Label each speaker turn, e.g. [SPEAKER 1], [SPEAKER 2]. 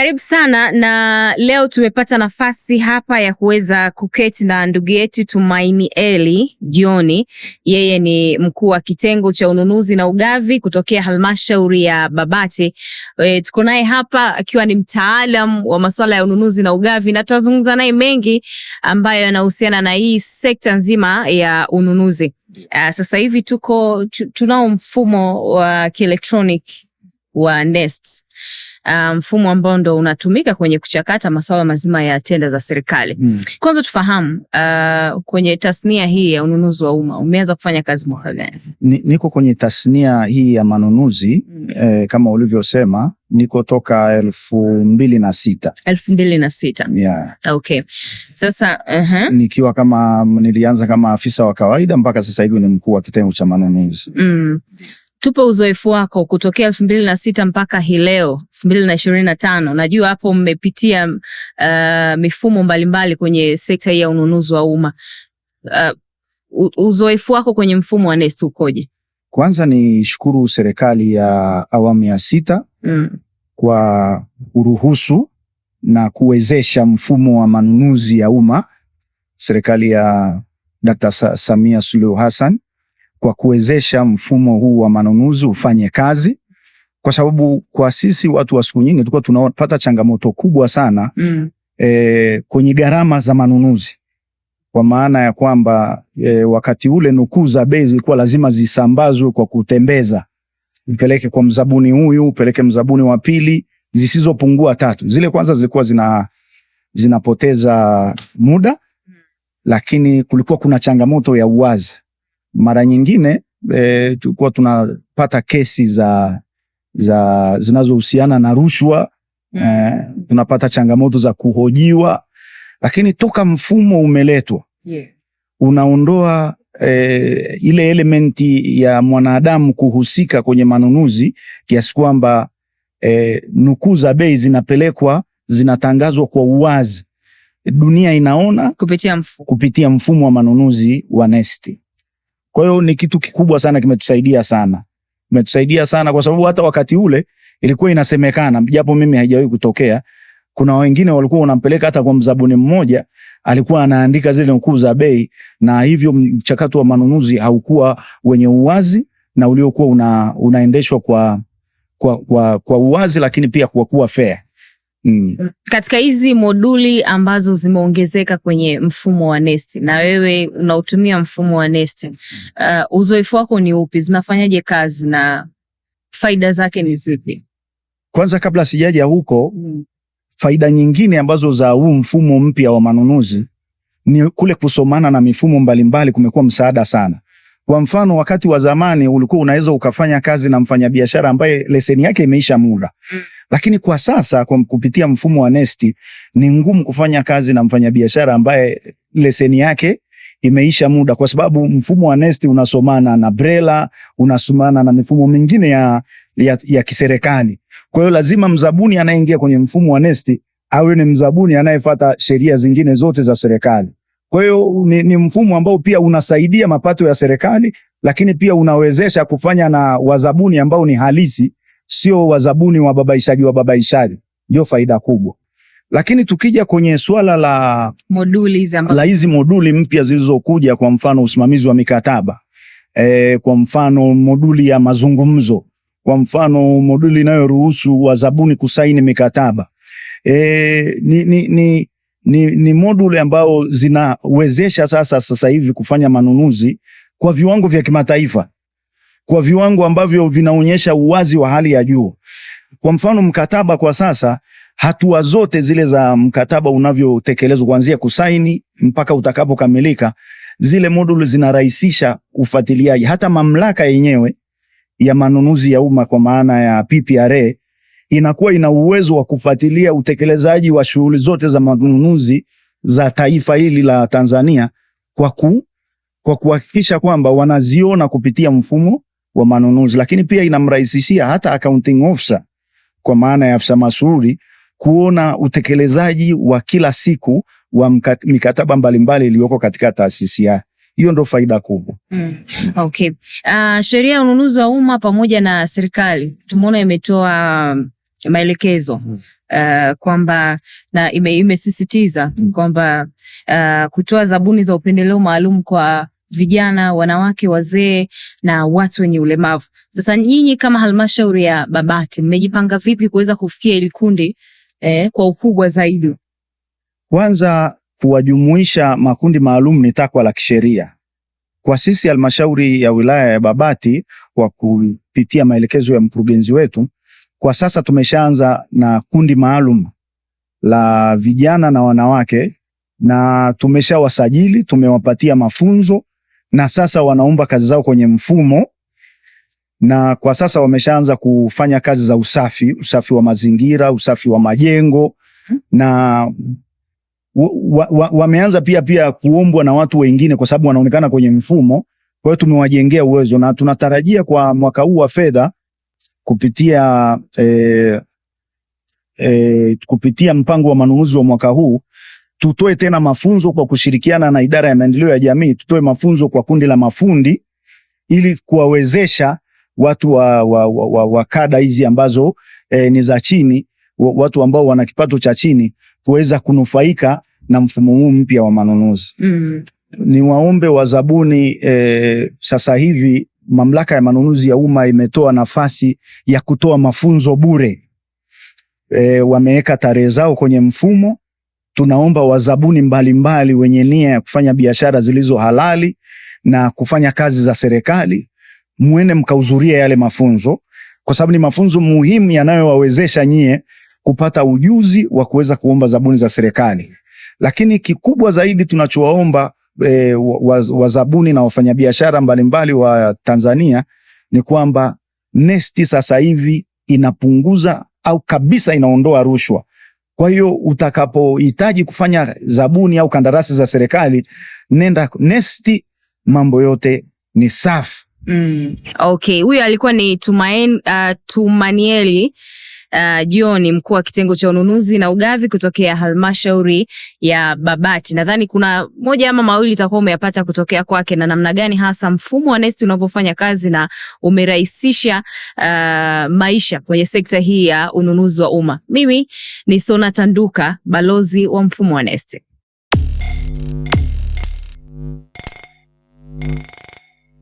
[SPEAKER 1] Karibu sana na leo tumepata nafasi hapa ya kuweza kuketi na ndugu yetu Tumaini Eli Joni. Yeye ni mkuu wa kitengo cha ununuzi na ugavi kutokea halmashauri ya Babati. E, tuko naye hapa akiwa ni mtaalam wa masuala ya ununuzi na ugavi na tutazungumza naye mengi ambayo yanahusiana na hii sekta nzima ya ununuzi. Uh, sasa hivi tuko tunao mfumo wa kielektroniki wa NeST ah, mfumo um, ambao ndo unatumika kwenye kuchakata masuala mazima ya tenda za serikali mm. Kwanza tufahamu uh, kwenye tasnia hii ya ununuzi wa umma umeanza kufanya kazi mwaka gani?
[SPEAKER 2] Niko kwenye tasnia hii ya manunuzi mm. Eh, kama ulivyosema niko toka elfu mbili na sita
[SPEAKER 1] elfu mbili na sita yeah. Okay. Sasa uh
[SPEAKER 2] -huh. nikiwa kama nilianza kama afisa wa kawaida mpaka sasa hivi ni mkuu wa kitengo cha manunuzi
[SPEAKER 1] mm tupe uzoefu wako kutokea elfu mbili na sita mpaka hii leo elfu mbili na ishirini na tano. Najua hapo mmepitia uh, mifumo mbalimbali mbali kwenye sekta hii ya ununuzi wa umma uh, uzoefu wako kwenye mfumo wa NeST ukoje?
[SPEAKER 2] Kwanza ni shukuru serikali ya awamu ya sita mm. kwa uruhusu na kuwezesha mfumo wa manunuzi ya umma serikali ya Dkt. Samia Suluhu Hassan kwa kuwezesha mfumo huu wa manunuzi ufanye kazi, kwa sababu kwa sisi watu wa siku nyingi tulikuwa tunapata changamoto kubwa sana mm. E, kwenye gharama za manunuzi kwa maana ya kwamba e, wakati ule nukuu za bei zilikuwa lazima zisambazwe kwa kutembeza, mpeleke kwa mzabuni huyu, upeleke mzabuni wa pili, zisizopungua tatu. Zile kwanza zilikuwa zina zinapoteza muda, mm. lakini kulikuwa kuna changamoto ya uwazi mara nyingine e, tulikuwa tunapata kesi za, za zinazohusiana na rushwa mm. E, tunapata changamoto za kuhojiwa, lakini toka mfumo umeletwa yeah. unaondoa e, ile elementi ya mwanadamu kuhusika kwenye manunuzi kiasi kwamba e, nukuu za bei zinapelekwa zinatangazwa kwa uwazi, dunia inaona
[SPEAKER 1] kupitia mfumo,
[SPEAKER 2] kupitia mfumo wa manunuzi wa Nesti. Kwa hiyo ni kitu kikubwa sana kimetusaidia sana. Kimetusaidia sana kwa sababu hata wakati ule ilikuwa inasemekana, japo mimi haijawahi kutokea, kuna wengine walikuwa wanampeleka hata kwa mzabuni mmoja, alikuwa anaandika zile nukuu za bei, na hivyo mchakato wa manunuzi haukuwa wenye uwazi na uliokuwa una, unaendeshwa kwa, kwa, kwa, kwa uwazi, lakini pia kwa kuwa fair.
[SPEAKER 1] Mm. Katika hizi moduli ambazo zimeongezeka kwenye mfumo wa NeST na wewe unautumia mfumo wa NeST, uh, uzoefu wako ni upi? Zinafanyaje kazi na faida zake ni zipi?
[SPEAKER 2] Kwanza kabla sijaja huko, mm. faida nyingine ambazo za huu mfumo mpya wa manunuzi ni kule kusomana na mifumo mbalimbali kumekuwa msaada sana. Kwa mfano, wakati wa zamani ulikuwa unaweza ukafanya kazi na mfanyabiashara ambaye leseni yake imeisha muda, mm. lakini kwa sasa kwa kupitia mfumo wa nesti ni ngumu kufanya kazi na mfanyabiashara ambaye leseni yake imeisha muda, kwa sababu mfumo wa nesti unasomana na BRELA, unasomana na mifumo mingine ya, ya, ya kiserikali. Kwa hiyo lazima mzabuni anayeingia kwenye mfumo wa nesti awe ni mzabuni anayefuata sheria zingine zote za serikali. Kwa hiyo ni, ni mfumo ambao pia unasaidia mapato ya serikali, lakini pia unawezesha kufanya na wazabuni ambao ni halisi, sio wazabuni wa babaishaji wa babaishaji, Ndio faida kubwa. Lakini tukija kwenye swala la
[SPEAKER 1] moduli za
[SPEAKER 2] la hizi moduli mpya zilizokuja, kwa mfano usimamizi wa mikataba e, kwa mfano moduli ya mazungumzo, kwa mfano moduli inayoruhusu wazabuni kusaini mikataba e, ni, ni, ni ni, ni module ambao zinawezesha sasa sasa hivi kufanya manunuzi kwa viwango vya kimataifa, kwa viwango ambavyo vinaonyesha uwazi wa hali ya juu. Kwa mfano mkataba kwa sasa, hatua zote zile za mkataba unavyotekelezwa kuanzia kusaini mpaka utakapokamilika, zile moduli zinarahisisha ufuatiliaji. Hata mamlaka yenyewe ya manunuzi ya umma kwa maana ya PPRA inakuwa ina uwezo wa kufuatilia utekelezaji wa shughuli zote za manunuzi za taifa hili la Tanzania kwa ku, kwa kuhakikisha kwamba wanaziona kupitia mfumo wa manunuzi, lakini pia inamrahisishia hata accounting officer kwa maana ya afisa mashauri kuona utekelezaji wa kila siku wa mikataba mbalimbali iliyoko katika taasisi ya Hiyo ndo faida kubwa
[SPEAKER 1] mm. Okay. Uh, sheria ya ununuzi wa umma pamoja na serikali tumeona imetoa maelekezo mm. Uh, kwamba na imesisitiza ime mm. kwamba uh, kutoa zabuni za upendeleo maalum kwa vijana, wanawake, wazee na watu wenye ulemavu. Sasa nyinyi kama halmashauri ya Babati mmejipanga vipi kuweza kufikia hili kundi eh, kwa ukubwa zaidi?
[SPEAKER 2] Kwanza kuwajumuisha makundi maalum ni takwa la kisheria kwa sisi halmashauri ya wilaya ya Babati. Kwa kupitia maelekezo ya mkurugenzi wetu, kwa sasa tumeshaanza na kundi maalum la vijana na wanawake na tumeshawasajili, tumewapatia mafunzo na sasa wanaomba kazi zao kwenye mfumo, na kwa sasa wameshaanza kufanya kazi za usafi, usafi wa mazingira, usafi wa majengo na wameanza wa, wa pia pia kuombwa na watu wengine kwa sababu wanaonekana kwenye mfumo. Kwa hiyo tumewajengea uwezo na tunatarajia kwa mwaka huu wa fedha kupitia e, e, kupitia mpango wa manunuzi wa mwaka huu tutoe tena mafunzo kwa kushirikiana na idara ya maendeleo ya jamii, tutoe mafunzo kwa kundi la mafundi ili kuwawezesha watu wa, wa, wa, wa, wa kada hizi ambazo e, ni za chini, watu ambao wana kipato cha chini kuweza kunufaika na mfumo huu mpya wa manunuzi. Mm. Ni waombe wazabuni e, sasa hivi Mamlaka ya Manunuzi ya Umma imetoa nafasi ya kutoa mafunzo bure. E, wameweka tarehe zao kwenye mfumo. Tunaomba wazabuni mbalimbali wenye nia ya kufanya biashara zilizo halali na kufanya kazi za serikali muende mkahudhuria yale mafunzo, kwa sababu ni mafunzo muhimu yanayowawezesha nyie kupata ujuzi wa kuweza kuomba zabuni za serikali. Lakini kikubwa zaidi tunachowaomba e, eh, wazabuni na wafanyabiashara mbalimbali wa Tanzania ni kwamba nesti sasa hivi inapunguza au kabisa inaondoa rushwa. Kwa hiyo utakapohitaji kufanya zabuni au kandarasi za serikali, nenda nesti mambo yote ni safi.
[SPEAKER 1] Mm, okay, huyo alikuwa ni Tumaini, uh, Tumanieli uh, John, mkuu wa kitengo cha ununuzi na ugavi kutokea halmashauri ya Babati. Nadhani kuna moja ama mawili itakuwa umeyapata kutokea kwake, na namna gani hasa mfumo wa NeST unavyofanya kazi na umerahisisha uh, maisha kwenye sekta hii ya ununuzi wa umma. Mimi ni Sonata Nduka, balozi wa mfumo wa NeST.